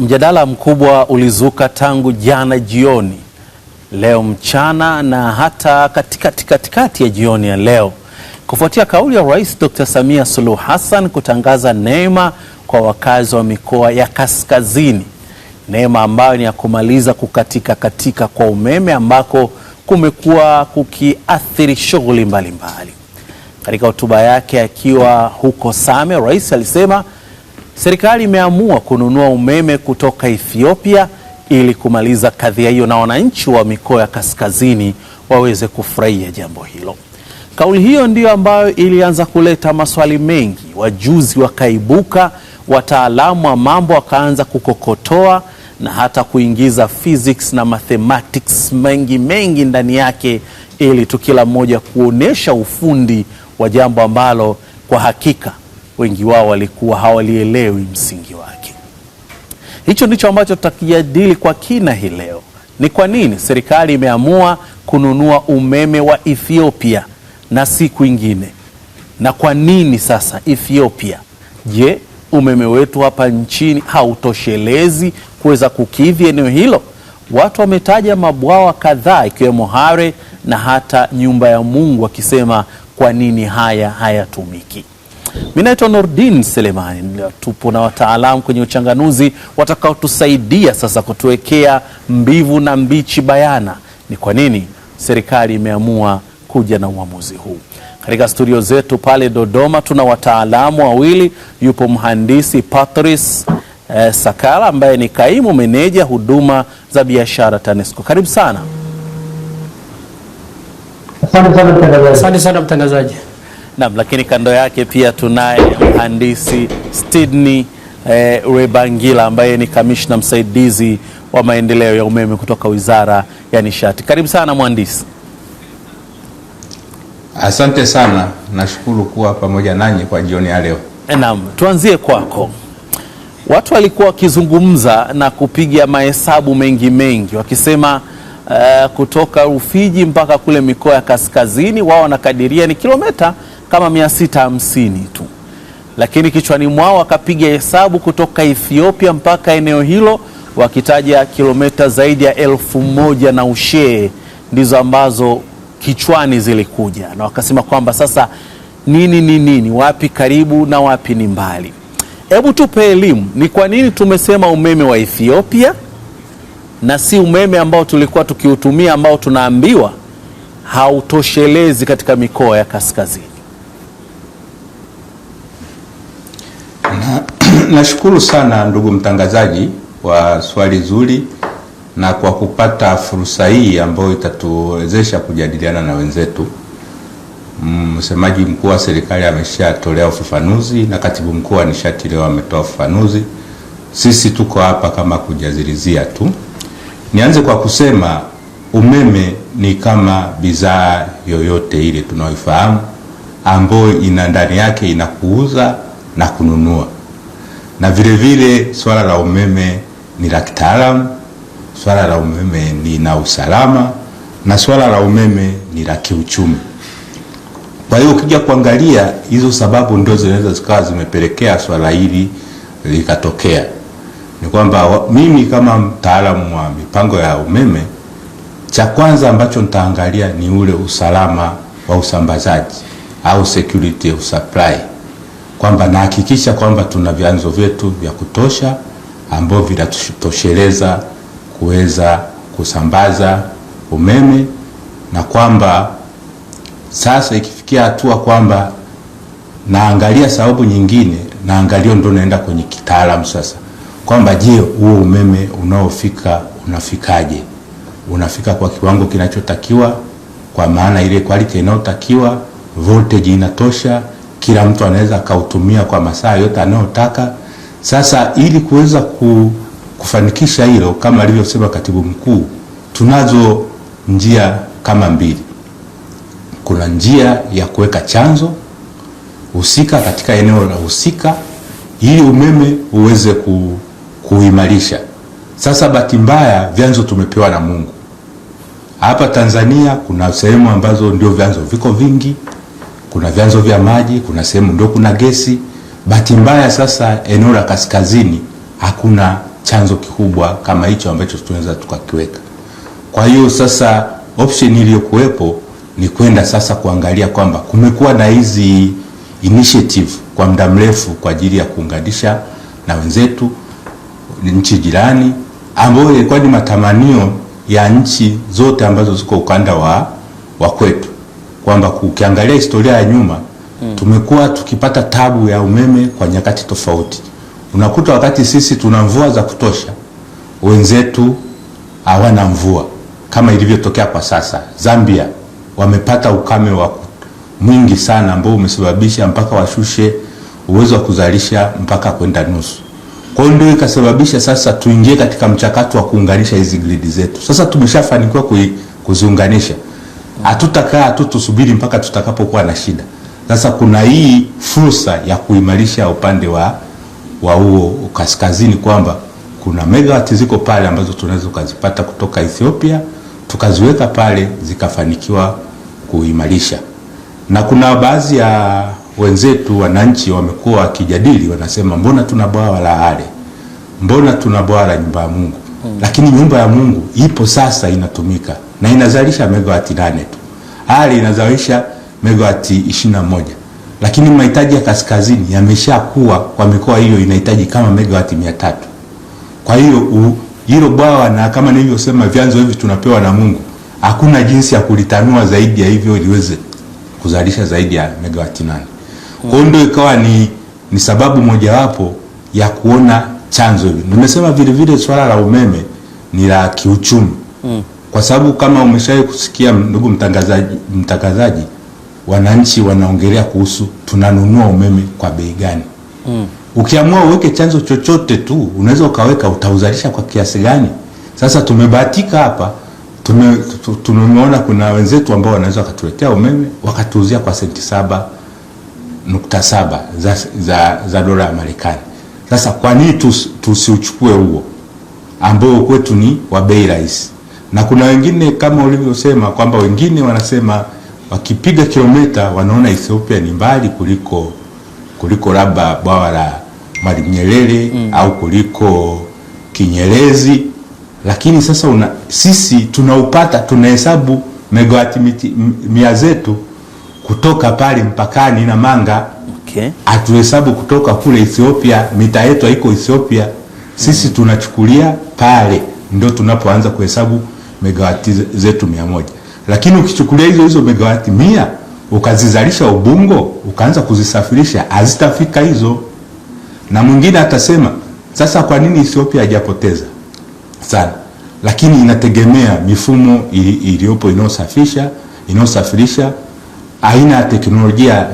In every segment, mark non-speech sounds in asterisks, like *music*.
Mjadala mkubwa ulizuka tangu jana jioni, leo mchana na hata katikati katikati ya jioni ya leo kufuatia kauli ya Rais Dr. Samia Suluhu Hassan kutangaza neema kwa wakazi wa mikoa ya kaskazini, neema ambayo ni ya kumaliza kukatika katika kwa umeme ambako kumekuwa kukiathiri shughuli mbalimbali. Katika hotuba yake akiwa huko Same, rais alisema Serikali imeamua kununua umeme kutoka Ethiopia ili kumaliza kadhia hiyo na wananchi wa mikoa ya kaskazini waweze kufurahia jambo hilo. Kauli hiyo ndiyo ambayo ilianza kuleta maswali mengi. Wajuzi wakaibuka, wataalamu wa mambo wakaanza kukokotoa na hata kuingiza physics na mathematics mengi mengi ndani yake, ili tu kila mmoja kuonesha ufundi wa jambo ambalo kwa hakika wengi wao walikuwa hawalielewi msingi wake. Hicho ndicho ambacho tutakijadili kwa kina hii leo. Ni kwa nini serikali imeamua kununua umeme wa Ethiopia na si kwingine, na kwa nini sasa Ethiopia? Je, umeme wetu hapa nchini hautoshelezi kuweza kukidhi eneo hilo? Watu wametaja mabwawa kadhaa ikiwemo Hare na hata nyumba ya Mungu, wakisema kwa nini haya hayatumiki? mi naitwa Nordin Selemani, tupo na wataalamu kwenye uchanganuzi watakaotusaidia sasa kutuwekea mbivu na mbichi bayana, ni kwa nini serikali imeamua kuja na uamuzi huu. Katika studio zetu pale Dodoma tuna wataalamu wawili, yupo mhandisi Patrice eh, Sakala ambaye ni kaimu meneja huduma za biashara TANESCO. Karibu sana. Asante sana mtangazaji. Naam, lakini kando yake pia tunaye mhandisi Sydney eh, Rebangila ambaye ni kamishna msaidizi wa maendeleo ya umeme kutoka Wizara ya Nishati. Karibu sana mhandisi. Asante sana, nashukuru kuwa pamoja nanyi kwa jioni ya leo. Eh, naam, tuanzie kwako. Watu walikuwa wakizungumza na kupiga mahesabu mengi mengi wakisema uh, kutoka Rufiji mpaka kule mikoa ya kaskazini wao wanakadiria ni kilomita kama mia sita hamsini tu, lakini kichwani mwao wakapiga hesabu kutoka Ethiopia mpaka eneo hilo, wakitaja kilometa zaidi ya elfu moja na ushee ndizo ambazo kichwani zilikuja, na wakasema kwamba sasa nini ni nini, wapi karibu na wapi ni mbali. Hebu tupe elimu, ni kwa nini tumesema umeme wa Ethiopia na si umeme ambao tulikuwa tukiutumia ambao tunaambiwa hautoshelezi katika mikoa ya kaskazini. Nashukuru sana ndugu mtangazaji wa swali zuri na kwa kupata fursa hii ambayo itatuwezesha kujadiliana na wenzetu. Mm, msemaji mkuu wa serikali ameshatolea ufafanuzi na katibu mkuu wa nishati leo ametoa ufafanuzi. Sisi tuko hapa kama kujazirizia tu. Nianze kwa kusema umeme ni kama bidhaa yoyote ile tunaoifahamu ambayo ina ndani yake inakuuza na kununua na vilevile swala la umeme ni la kitaalamu, swala la umeme ni na usalama na swala la umeme ni la kiuchumi. Kwa hiyo ukija kuangalia hizo sababu ndio zinaweza zikawa zimepelekea swala hili likatokea. Ni kwamba mimi kama mtaalamu wa mipango ya umeme, cha kwanza ambacho nitaangalia ni ule usalama wa usambazaji au security of supply kwamba nahakikisha kwamba tuna vyanzo vyetu vya kutosha ambao vinatosheleza kuweza kusambaza umeme na kwamba sasa ikifikia hatua kwamba naangalia sababu nyingine, naangalia ndio naenda kwenye kitaalamu sasa, kwamba je, huo umeme unaofika unafikaje? Unafika kwa kiwango kinachotakiwa, kwa maana ile quality inayotakiwa, voltage inatosha kila mtu anaweza akautumia kwa masaa yote anayotaka. Sasa ili kuweza kufanikisha hilo, kama alivyosema katibu mkuu, tunazo njia kama mbili. Kuna njia ya kuweka chanzo husika katika eneo la husika ili umeme uweze ku, kuimarisha. Sasa bahati mbaya vyanzo tumepewa na Mungu. Hapa Tanzania kuna sehemu ambazo ndio vyanzo viko vingi kuna vyanzo vya maji, kuna sehemu ndio kuna gesi. Bahati mbaya sasa, eneo la kaskazini hakuna chanzo kikubwa kama hicho ambacho tunaweza tukakiweka. Kwa hiyo sasa option iliyokuwepo ni kwenda sasa kuangalia kwamba kumekuwa na hizi initiative kwa muda mrefu kwa ajili ya kuunganisha na wenzetu nchi jirani, ambayo ilikuwa ni matamanio ya nchi zote ambazo ziko ukanda wa, wa kwetu kwamba ukiangalia historia ya nyuma mm. tumekuwa tukipata tabu ya umeme kwa nyakati tofauti. Unakuta wakati sisi tuna mvua za kutosha, wenzetu hawana mvua kama ilivyotokea kwa sasa. Zambia wamepata ukame wa mwingi sana ambao umesababisha mpaka washushe uwezo wa kuzalisha mpaka kwenda nusu. Kwa hiyo ndio ikasababisha sasa tuingie katika mchakato wa kuunganisha hizi gridi zetu. Sasa tumeshafanikiwa kuziunganisha. Hatutakaa tu tusubiri mpaka tutakapokuwa na shida. Sasa kuna hii fursa ya kuimarisha upande wa wa huo kaskazini, kwamba kuna megawati ziko pale ambazo tunaweza tukazipata kutoka Ethiopia tukaziweka pale zikafanikiwa kuimarisha, na kuna baadhi ya wenzetu wananchi wamekuwa wakijadili, wanasema mbona tuna bwawa la Hale, mbona tuna bwawa la nyumba ya Mungu? Hmm. Lakini nyumba ya Mungu ipo sasa inatumika na inazalisha megawati nane tu. Hali inazalisha megawati moja lakini mahitaji ya kaskazini yameshakuwa kwa mikoa hiyo inahitaji kama megawati mia tatu. Kwa hiyo hilo bwawa na kama nilivyosema vyanzo hivi tunapewa na Mungu, hakuna jinsi ya kulitanua zaidi ya hivyo iliweze kuzalisha zaidi ya megawati nane. Kwa hiyo ndio ikawa ni, ni sababu mojawapo ya kuona chanzo hivi. Nimesema vile vile swala la umeme ni la kiuchumi. Mm kwa sababu kama umeshawahi kusikia ndugu mtangazaji, mtangazaji, wananchi wanaongelea kuhusu tunanunua umeme kwa bei gani? mm. Ukiamua uweke chanzo chochote tu unaweza ukaweka, utauzalisha kwa kiasi gani? Sasa tumebahatika hapa, tumeona kuna wenzetu ambao wanaweza wakatuletea umeme wakatuuzia kwa senti saba nukta saba za, za, za dola ya Marekani. Sasa kwa nini tusiuchukue huo ambao kwetu ni wa bei rahisi? na kuna wengine kama ulivyosema kwamba wengine wanasema wakipiga kilomita wanaona Ethiopia ni mbali kuliko kuliko labda bwawa la Mwalimu Nyerere mm. au kuliko Kinyerezi, lakini sasa una, sisi tunaupata tunahesabu megawati mia zetu kutoka pale mpakani na Manga hatuhesabu okay. kutoka kule Ethiopia, mita yetu haiko Ethiopia, sisi mm. tunachukulia pale ndo tunapoanza kuhesabu megawati zetu mia moja, lakini ukichukulia hizo hizo megawati mia ukazizalisha Ubungo ukaanza kuzisafirisha hazitafika hizo. Na mwingine atasema sasa, kwa nini Ethiopia haijapoteza sana? Lakini inategemea mifumo iliyopo inayosafisha inayosafirisha, aina ya teknolojia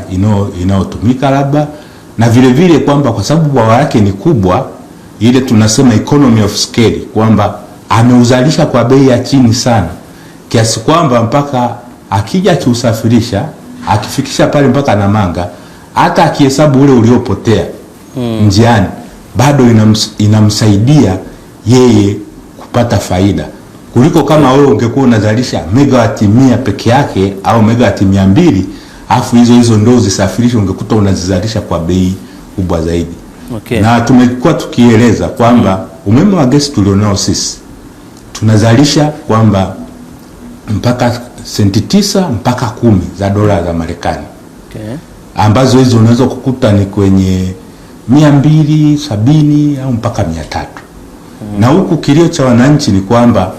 inayotumika labda, na vile vile kwamba kwa sababu bwawa yake ni kubwa, ile tunasema economy of scale kwamba ameuzalisha kwa bei ya chini sana, kiasi kwamba mpaka akija akiusafirisha akifikisha pale mpaka Namanga, hata akihesabu ule uliopotea hmm, njiani bado inams, inamsaidia yeye kupata faida kuliko kama wewe ungekuwa unazalisha megawati mia peke yake au megawati mia mbili afu hizo hizo ndoo zisafirishwe, ungekuta unazizalisha kwa bei kubwa zaidi. Okay. Na tumekuwa tukieleza kwamba hmm. umeme wa gesi tulionao sisi tunazalisha kwamba mpaka senti tisa mpaka kumi za dola za Marekani okay, ambazo hizo unaweza kukuta ni kwenye mia mbili sabini au mpaka mia tatu mm. Na huku kilio cha wananchi ni kwamba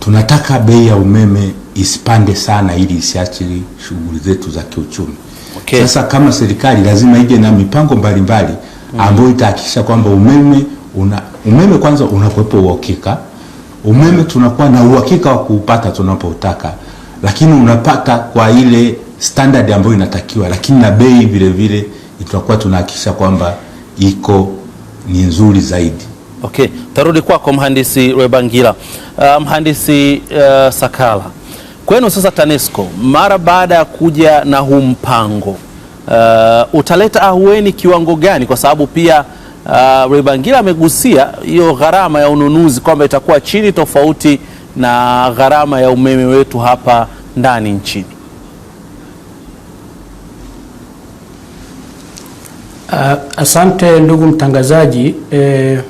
tunataka bei ya umeme isipande sana ili isiathiri shughuli zetu za kiuchumi. Okay. Sasa kama serikali lazima ije na mipango mbalimbali hmm. ambayo itahakikisha kwamba umeme una, umeme kwanza unakuwepo uhakika umeme tunakuwa na uhakika wa kuupata tunapotaka, lakini unapata kwa ile standard ambayo inatakiwa, lakini na bei vile vile itakuwa tunahakikisha kwamba iko ni nzuri zaidi. Okay, tarudi kwako mhandisi Rwebangira. Uh, mhandisi uh, Sakala, kwenu sasa TANESCO mara baada ya kuja na huu mpango uh, utaleta ahueni kiwango gani? Kwa sababu pia uh, ah, Ribangila amegusia hiyo gharama ya ununuzi kwamba itakuwa chini tofauti na gharama ya umeme wetu hapa ndani nchini. Uh, asante ndugu mtangazaji. Eh,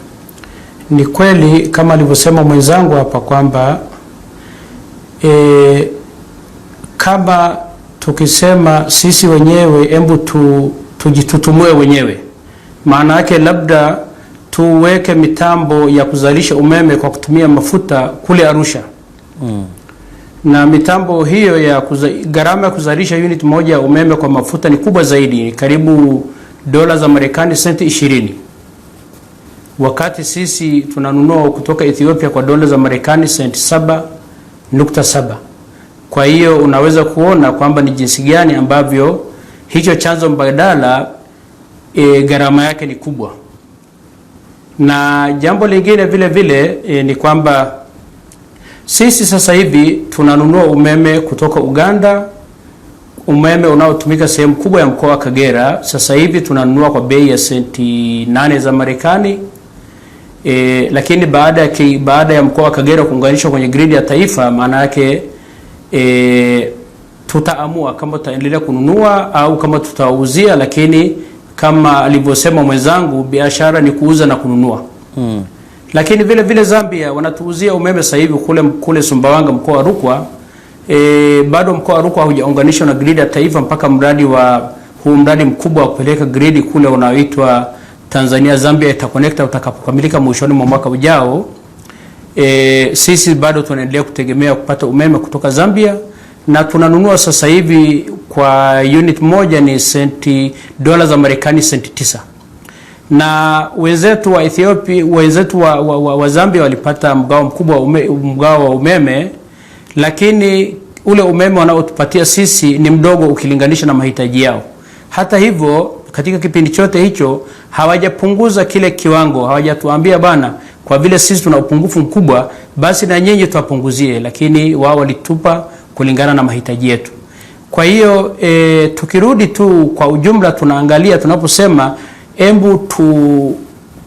ni kweli kama alivyosema mwenzangu hapa kwamba eh, kama tukisema sisi wenyewe, hebu tu, tujitutumue wenyewe maana yake labda tuweke mitambo ya kuzalisha umeme kwa kutumia mafuta kule Arusha mm. na mitambo hiyo ya gharama ya kuzalisha unit moja ya umeme kwa mafuta ni kubwa zaidi, ni karibu dola za Marekani senti ishirini wakati sisi tunanunua kutoka Ethiopia kwa dola za Marekani senti saba nukta saba. Kwa hiyo unaweza kuona kwamba ni jinsi gani ambavyo hicho chanzo mbadala e, gharama yake ni kubwa, na jambo lingine vile vile e, ni kwamba sisi sasa hivi tunanunua umeme kutoka Uganda, umeme unaotumika sehemu kubwa ya mkoa wa Kagera. Sasa hivi tunanunua kwa bei ya senti nane za Marekani. E, lakini baada ya baada ya mkoa wa Kagera kuunganishwa kwenye gridi ya taifa, maana yake e, tutaamua kama tutaendelea kununua au kama tutauzia, lakini kama alivyosema mwenzangu, biashara ni kuuza na kununua mm. Lakini vile vile Zambia wanatuuzia umeme sasa hivi kule, kule Sumbawanga mkoa wa Rukwa e, bado mkoa wa Rukwa haujaunganishwa na gridi ya taifa mpaka mradi wa huu mradi mkubwa wa kupeleka gridi kule unaoitwa Tanzania Zambia Interconnector utakapokamilika mwishoni mwa mwaka ujao. E, sisi bado tunaendelea kutegemea kupata umeme kutoka Zambia na tunanunua sasa hivi kwa unit moja ni senti dola za Marekani senti tisa na wenzetu wa Ethiopia, wenzetu wa, wa, wa, wa Zambia walipata mgao mkubwa wa ume, mgao wa umeme, lakini ule umeme wanaotupatia sisi ni mdogo ukilinganisha na mahitaji yao. Hata hivyo, katika kipindi chote hicho hawajapunguza kile kiwango, hawajatuambia bana, kwa vile sisi tuna upungufu mkubwa, basi na nyinyi tuwapunguzie, lakini wao walitupa kulingana na mahitaji yetu. Kwa hiyo e, tukirudi tu kwa ujumla, tunaangalia tunaposema embu tu,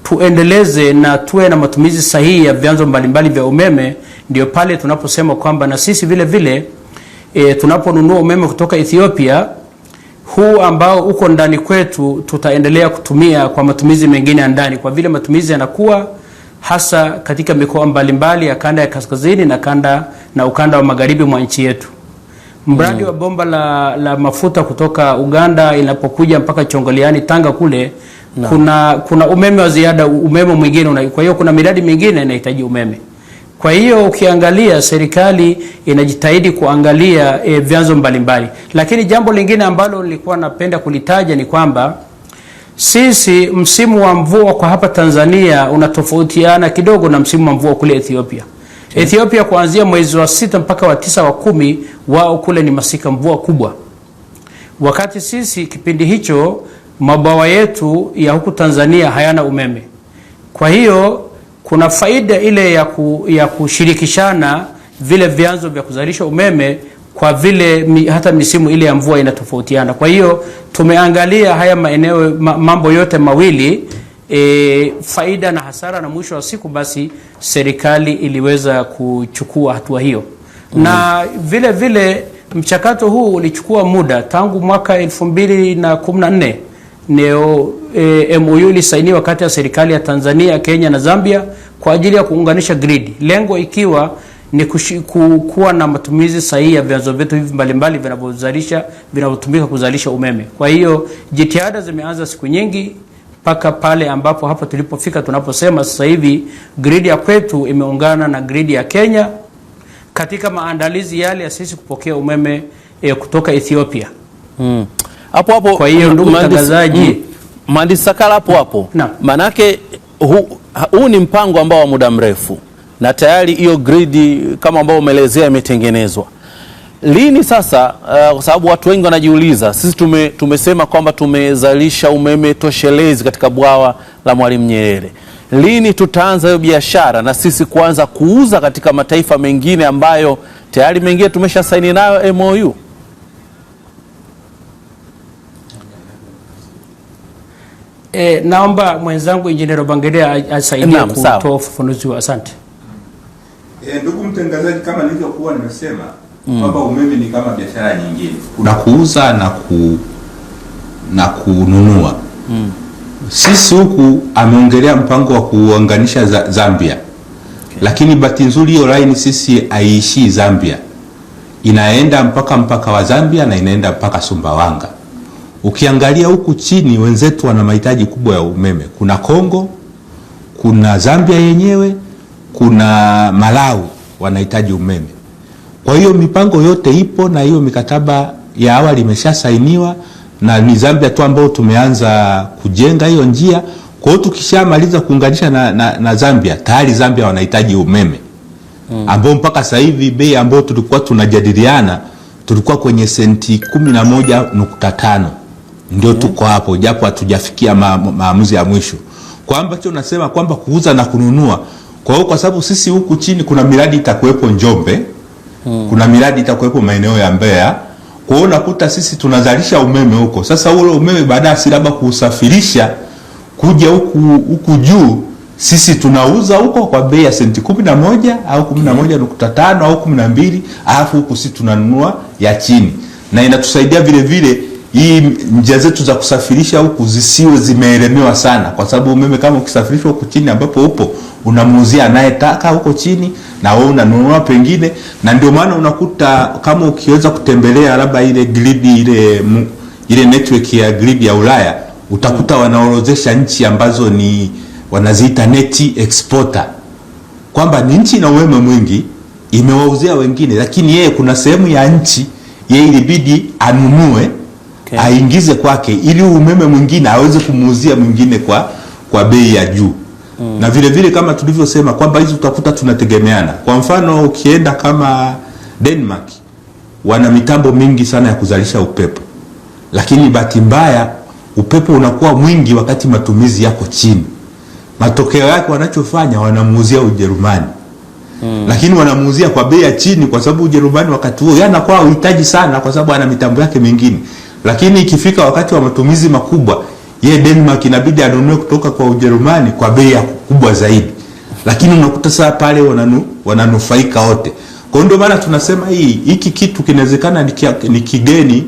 tuendeleze na tuwe na matumizi sahihi ya vyanzo mbalimbali vya umeme, ndio pale tunaposema kwamba na sisi vile vile e, tunaponunua umeme kutoka Ethiopia huu ambao uko ndani kwetu tutaendelea kutumia kwa matumizi mengine ya ndani, kwa vile matumizi yanakuwa hasa katika mikoa mbalimbali ya kanda ya kaskazini na kanda na ukanda wa magharibi mwa nchi yetu. Mradi hmm. wa bomba la, la mafuta kutoka Uganda inapokuja mpaka Chongoleani Tanga kule no. kuna, kuna umeme wa ziada, umeme mwingine. Kwa hiyo kuna miradi mingine inahitaji umeme. Kwa hiyo ukiangalia, serikali inajitahidi kuangalia e, vyanzo mbalimbali, lakini jambo lingine ambalo nilikuwa napenda kulitaja ni kwamba sisi msimu wa mvua kwa hapa Tanzania unatofautiana kidogo na msimu wa mvua kule Ethiopia. Yeah. Ethiopia kuanzia mwezi wa sita mpaka wa tisa wa kumi, wao kule ni masika, mvua kubwa, wakati sisi kipindi hicho mabwawa yetu ya huku Tanzania hayana umeme. Kwa hiyo kuna faida ile ya, ku, ya kushirikishana vile vyanzo vya kuzalisha umeme kwa vile mi, hata misimu ile ya mvua inatofautiana. Kwa hiyo tumeangalia haya maeneo ma, mambo yote mawili e, faida na hasara, na mwisho wa siku basi serikali iliweza kuchukua hatua hiyo mm -hmm. na vile vile mchakato huu ulichukua muda tangu mwaka 2014 neo e, MOU ilisainiwa kati ya serikali ya Tanzania, Kenya na Zambia kwa ajili ya kuunganisha gridi, lengo ikiwa ni kuwa na matumizi sahihi ya vyanzo vyetu hivi mbalimbali vinavyozalisha vinavyotumika kuzalisha umeme. Kwa hiyo jitihada zimeanza siku nyingi mpaka pale ambapo hapo tulipofika, tunaposema sasa hivi gridi ya kwetu imeungana na gridi ya Kenya katika maandalizi yale ya sisi kupokea umeme e, kutoka Ethiopia. Mm. Hapo hapo. Kwa hiyo ndugu mtangazaji, mm, Mhandisi Sakala, hapo hapo, maanake huu hu ni mpango ambao wa muda mrefu na tayari hiyo gridi kama ambao umeelezea imetengenezwa lini sasa? Uh, kwa sababu watu wengi wanajiuliza, sisi tume, tumesema kwamba tumezalisha umeme toshelezi katika bwawa la Mwalimu Nyerere, lini tutaanza hiyo biashara na sisi kuanza kuuza katika mataifa mengine ambayo tayari mengine tumesha saini nayo MOU? E, eh, naomba mwenzangu Injinia Bangerea asaidie kutoa ufafanuzi. Asante. E, ndugu mtangazaji, kama nilivyokuwa nimesema mm. kwamba mm. umeme ni kama biashara nyingine, kuna kuuza na ku na kununua mm. Sisi huku ameongelea mpango wa kuunganisha Zambia okay. Lakini bahati nzuri hiyo line sisi haiishii Zambia, inaenda mpaka mpaka wa Zambia na inaenda mpaka Sumbawanga. Ukiangalia huku chini wenzetu wana mahitaji kubwa ya umeme, kuna Kongo, kuna Zambia yenyewe kuna Malawi wanahitaji umeme. Kwa hiyo mipango yote ipo na hiyo mikataba ya awali imeshasainiwa na ni Zambia tu ambao tumeanza kujenga hiyo njia. Kwa hiyo tukishamaliza kuunganisha na, na, na Zambia tayari Zambia wanahitaji umeme hmm, ambao mpaka sasa hivi bei ambayo tulikuwa tunajadiliana tulikuwa kwenye senti 11.5 ndio hmm, tuko hapo, japo hatujafikia maamuzi ya mwisho, kwa ambacho nasema kwamba kuuza na kununua kwa hiyo kwa sababu sisi huku chini kuna miradi itakuwepo Njombe hmm. kuna miradi itakuwepo maeneo ya Mbeya. Kwa hiyo unakuta sisi tunazalisha umeme huko. Sasa ule umeme baadaye si labda kuusafirisha kuja huku huku juu, sisi tunauza huko kwa bei ya senti kumi na moja au kumi na hmm. moja nukta tano au kumi na mbili alafu huku sisi tunanunua ya chini, na inatusaidia vile vile hii njia zetu za kusafirisha huku zisiwe zimeelemewa sana, kwa sababu umeme kama ukisafirishwa huku chini ambapo upo unamuuzia anayetaka huko chini na wewe unanunua pengine, na ndio maana unakuta kama ukiweza kutembelea labda ile grid ile ile network ya grid ya Ulaya utakuta wanaorozesha nchi ambazo ni wanaziita net exporter, kwamba ni nchi na umeme mwingi imewauzia wengine, lakini yeye kuna sehemu ya nchi yeye ilibidi anunue okay, aingize kwake ili umeme mwingine aweze kumuuzia mwingine kwa, kwa bei ya juu mm. na vile vile kama tulivyosema kwamba hizi utakuta tunategemeana. Kwa mfano ukienda kama Denmark wana mitambo mingi sana ya kuzalisha upepo, lakini bahati mbaya upepo unakuwa mwingi wakati matumizi yako chini. Matokeo yake wanachofanya wanamuuzia Ujerumani Hmm. Lakini wanamuuzia kwa bei ya chini kwa sababu Ujerumani wakati huo yanakuwa uhitaji sana kwa sababu ana mitambo yake mingine, lakini ikifika wakati wa matumizi makubwa ye Denmark inabidi anunue kutoka kwa Ujerumani kwa bei kubwa zaidi, lakini unakuta saa pale wananu, wananufaika wote. Kwa hiyo ndio maana tunasema hii hiki kitu kinawezekana ni ni kigeni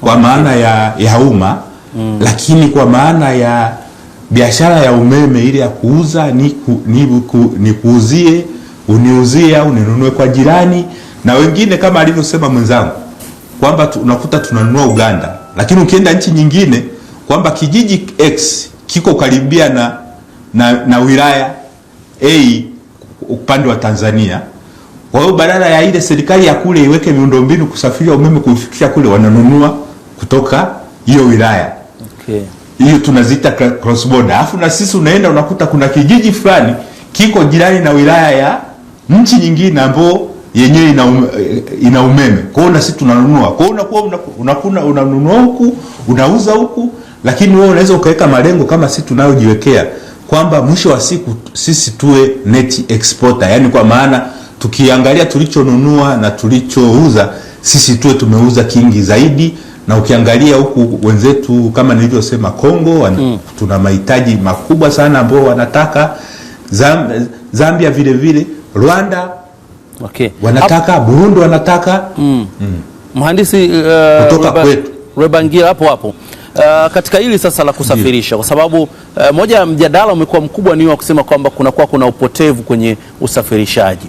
kwa maana ya, ya umma mm. Lakini kwa maana ya biashara ya umeme ile ya kuuza ni, ku, ni, ku, ni kuuzie uniuzie au ninunue kwa jirani na wengine, kama alivyosema mwenzangu kwamba unakuta tunanunua Uganda, lakini ukienda nchi nyingine kwamba kijiji X kiko karibia na, na, na wilaya A upande wa Tanzania. Kwa hiyo badala ya ile serikali ya kule iweke miundombinu kusafiria umeme kufikisha kule, wananunua kutoka hiyo wilaya okay. hiyo, okay. Tunaziita cross border, alafu na sisi unaenda unakuta kuna kijiji fulani kiko jirani na wilaya ya nchi nyingine ambayo yenyewe ina, um, ina umeme. Kwa hiyo na sisi tunanunua, kwa hiyo unakuwa unanunua huku unauza huku lakini wewe unaweza ukaweka malengo kama sisi tunayojiwekea kwamba mwisho wa siku sisi tuwe net exporter, yani kwa maana tukiangalia tulichonunua na tulichouza sisi tuwe tumeuza kingi zaidi, na ukiangalia huku wenzetu kama nilivyosema Kongo mm. tuna mahitaji makubwa sana ambao wanataka Zambia, Zambia vile vile Rwanda okay. wanataka Ap Burundi wanataka mm. Mm. Mhandisi uh, Rubangira hapo hapo uh, katika hili sasa la kusafirisha kwa sababu uh, moja ya mjadala umekuwa mkubwa ni wa kusema kwamba kunakuwa kuna upotevu kwenye usafirishaji.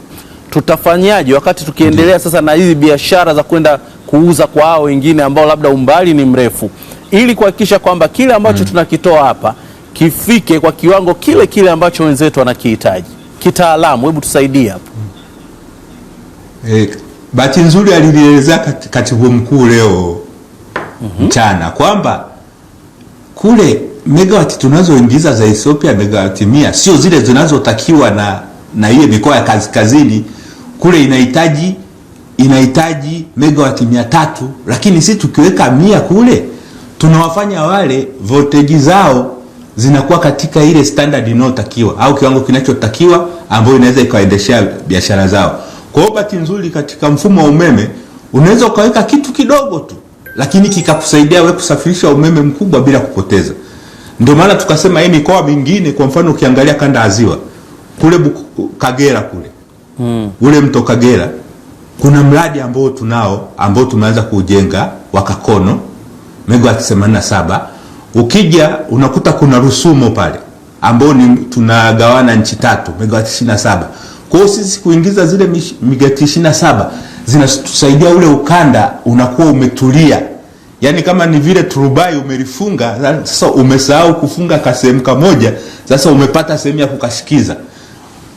Tutafanyaje wakati tukiendelea sasa na hizi biashara za kwenda kuuza kwa hao wengine ambao labda umbali ni mrefu, ili kuhakikisha kwamba kile ambacho mm. tunakitoa hapa kifike kwa kiwango kile kile ambacho wenzetu wanakihitaji kitaalamu. Hebu tusaidie hapo. E, bahati nzuri alilielezea katibu mkuu leo mhm. mchana mm -hmm. kwamba kule megawati tunazoingiza za Ethiopia megawati mia sio zile zinazotakiwa na na hiyo mikoa ya kaskazini kule inahitaji inahitaji megawati mia tatu, lakini sisi tukiweka mia kule tunawafanya wale voltage zao zinakuwa katika ile standard inayotakiwa au kiwango kinachotakiwa ambayo inaweza ikaendeshea biashara zao. Kwa hiyo bahati nzuri katika mfumo wa umeme unaweza ukaweka kitu kidogo tu lakini kikakusaidia wewe kusafirisha umeme mkubwa bila kupoteza. Ndio maana tukasema hii mikoa mingine, kwa mfano ukiangalia kanda ya Ziwa kule Buku, Kagera kule mm. ule mto Kagera kuna mradi ambao tunao ambao tumeanza kuujenga wa Kakono megawati 87. Ukija unakuta kuna Rusumo pale ambao ni tunagawana nchi tatu megawati 27. Kwa hiyo sisi kuingiza zile migati 27 zinatusaidia ule ukanda unakuwa umetulia, yaani kama ni vile turubai umelifunga. Sasa umesahau kufunga kasehemu kamoja, sasa umepata sehemu ya kukasikiza.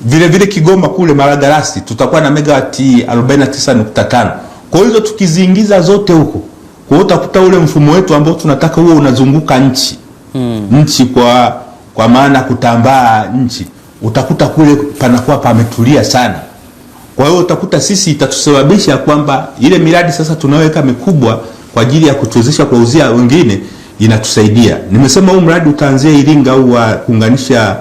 Vile vile Kigoma kule Malagarasi tutakuwa na megawati 49.5. Kwa hizo, tukiziingiza zote huko, kwa utakuta ule mfumo wetu ambao tunataka huo unazunguka nchi hmm. nchi kwa, kwa maana kutambaa nchi, utakuta kule panakuwa pametulia sana. Kwa hiyo utakuta sisi itatusababisha kwamba ile miradi sasa tunaweka mikubwa kwa ajili ya kutuwezesha kuwauzia wengine inatusaidia. Nimesema huu mradi utaanzia Iringa au wa kuunganisha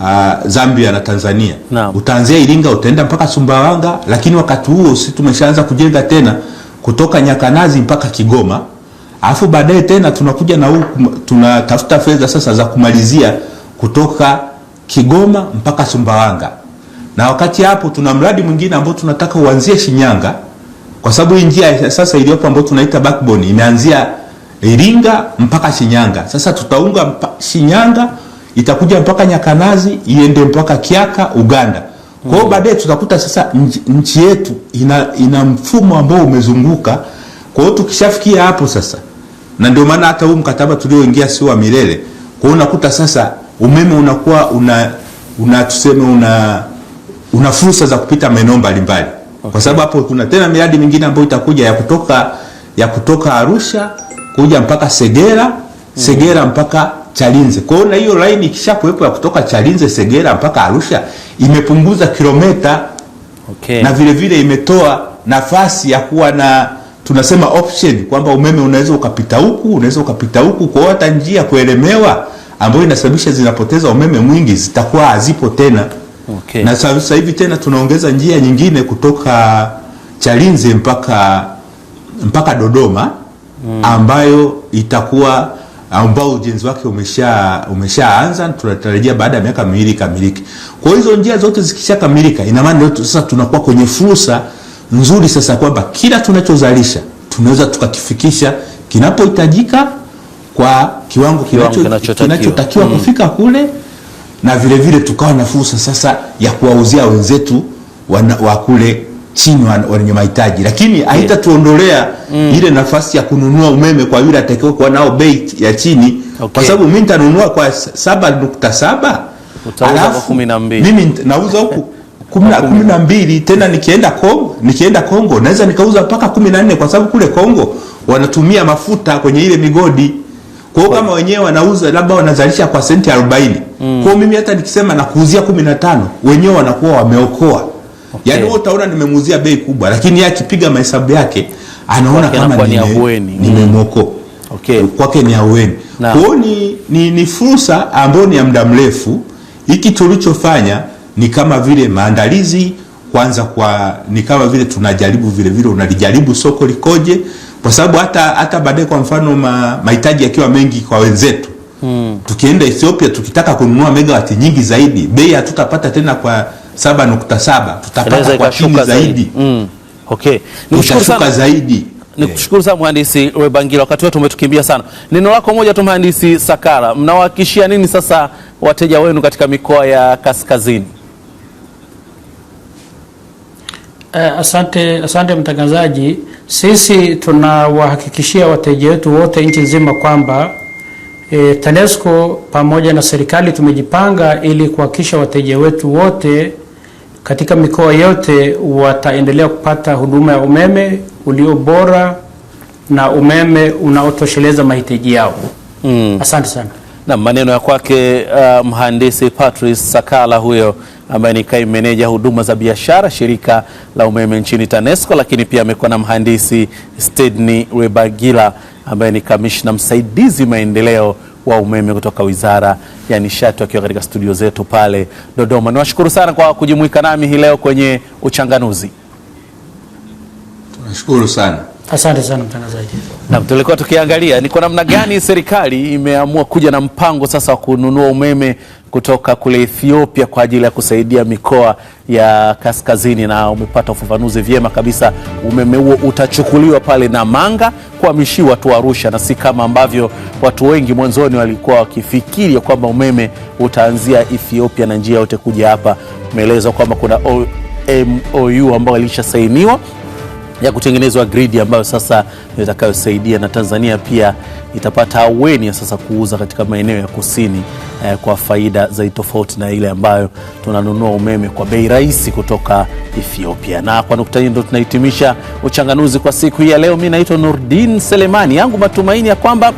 uh, Zambia na Tanzania. No. Utaanzia Iringa utaenda mpaka Sumbawanga, lakini wakati huo sisi tumeshaanza kujenga tena kutoka Nyakanazi mpaka Kigoma. Alafu baadaye tena tunakuja na huu tunatafuta fedha sasa za kumalizia kutoka Kigoma mpaka Sumbawanga na wakati hapo tuna mradi mwingine ambao tunataka uanzie Shinyanga, kwa sababu hii njia sasa iliyopo ambayo tunaita backbone imeanzia Iringa mpaka Shinyanga. Sasa tutaunga mpa, Shinyanga itakuja mpaka Nyakanazi iende mpaka Kiaka Uganda. Kwa hiyo hmm. baadaye tutakuta sasa nchi yetu ina, ina mfumo ambao umezunguka. Kwa hiyo tukishafikia hapo sasa, na ndio maana hata huu mkataba tulioingia sio wa milele. Kwa hiyo unakuta sasa umeme unakuwa una, una tuseme una una fursa za kupita maeneo mbalimbali okay. Kwa sababu hapo kuna tena miradi mingine ambayo itakuja ya kutoka, ya kutoka Arusha kuja mpaka Segera mm. Segera mpaka Chalinze. Kwa hiyo na hiyo line ikishakuwepo ya kutoka Chalinze Segera mpaka Arusha imepunguza kilomita okay. Na vile vile imetoa nafasi ya kuwa na tunasema option kwamba umeme unaweza ukapita huku, unaweza ukapita huku, kwa hata njia kuelemewa ambayo inasababisha zinapoteza umeme mwingi zitakuwa hazipo tena okay. Na sasa hivi tena tunaongeza njia nyingine kutoka Chalinze mpaka, mpaka Dodoma mm. ambayo itakuwa ambao ujenzi wake umesha umeshaanza, tunatarajia baada ya miaka miwili ikamilike. Kwa hizo njia zote zikishakamilika, ina maana leo sasa tunakuwa kwenye fursa nzuri sasa kwamba kila tunachozalisha tunaweza tukakifikisha kinapohitajika kwa kiwango kinachotakiwa kinacho, kinacho mm. kufika kule na vile vile tukawa na fursa sasa ya kuwauzia wenzetu wa kule chini wenye mahitaji, lakini yeah, haitatuondolea mm. ile nafasi ya kununua umeme kwa yule atakao kuwa nao bei ya chini okay. kwa sababu mimi nitanunua kwa 7.7 utauza kwa 12 mimi nauza huku *laughs* kumi na mbili tena nikienda Kongo, nikienda Kongo naweza nikauza mpaka kumi na nne kwa sababu kule Kongo wanatumia mafuta kwenye ile migodi. Kwa hiyo kama wenyewe wanauza labda wanazalisha kwa senti 40. Mm. Kwa hiyo mimi hata nikisema nakuuzia 15, wenyewe wanakuwa wameokoa. Okay. Yaani wewe utaona nimemuuzia bei kubwa, lakini yeye akipiga mahesabu yake anaona kama mm. nimemokoa. Okay. Kwake ni aweni. Kwa hiyo ni, ni, ni fursa ambayo ni ya muda mrefu. Hiki tulichofanya ni kama vile maandalizi kwanza kwa ni kama vile tunajaribu vile vile unalijaribu soko likoje, kwa sababu hata hata baadaye, kwa mfano mahitaji yakiwa mengi kwa wenzetu hmm. tukienda Ethiopia tukitaka kununua megawati nyingi zaidi, bei hatutapata tena kwa 7.7 tutapata kwa chini zaidi mm. Okay, nikushuka zaidi Nikushukuru sana mhandisi Rwebangira, wakati wetu umetukimbia sana. Neno lako moja tu mhandisi Sakala, mnawahakikishia nini sasa wateja wenu katika mikoa ya kaskazini? Eh, asante, asante mtangazaji. Sisi tunawahakikishia wateja wetu wote nchi nzima kwamba e, TANESCO pamoja na serikali tumejipanga ili kuhakikisha wateja wetu wote katika mikoa yote wataendelea kupata huduma ya umeme ulio bora na umeme unaotosheleza mahitaji yao. Mm. Asante sana. Na maneno ya kwake uh, mhandisi Patrice Sakala huyo ambaye ni kaimu meneja huduma za biashara shirika la umeme nchini TANESCO, lakini pia amekuwa na mhandisi Stedney Rebagila ambaye ni kamishna msaidizi maendeleo wa umeme kutoka Wizara ya Nishati, wakiwa katika studio zetu pale Dodoma. Niwashukuru sana kwa kujumuika nami hii leo kwenye Uchanganuzi. Tunashukuru sana, asante sana mtangazaji. Na tulikuwa tukiangalia ni kwa namna gani serikali imeamua kuja na mpango sasa wa kununua umeme kutoka kule Ethiopia kwa ajili ya kusaidia mikoa ya kaskazini, na umepata ufafanuzi vyema kabisa. Umeme huo utachukuliwa pale Namanga kuhamishiwa watu Arusha, na si kama ambavyo watu wengi mwanzoni walikuwa wakifikiria kwamba umeme utaanzia Ethiopia na njia yote kuja hapa. Umeelezwa kwamba kuna MOU ambayo ilishasainiwa ya kutengenezwa gridi ambayo sasa itakayosaidia na Tanzania pia itapata aweni ya sasa kuuza katika maeneo ya kusini eh, kwa faida zaidi tofauti na ile ambayo tunanunua umeme kwa bei rahisi kutoka Ethiopia. Na kwa nukta hii ndio tunahitimisha uchanganuzi kwa siku hii ya leo. Mimi naitwa Nurdin Selemani, yangu matumaini ya kwamba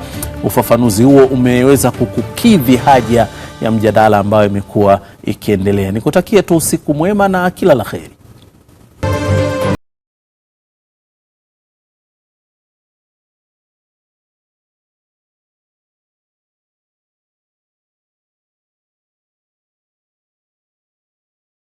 ufafanuzi huo umeweza kukukidhi haja ya mjadala ambayo imekuwa ikiendelea. Nikutakie tu usiku mwema na kila la heri.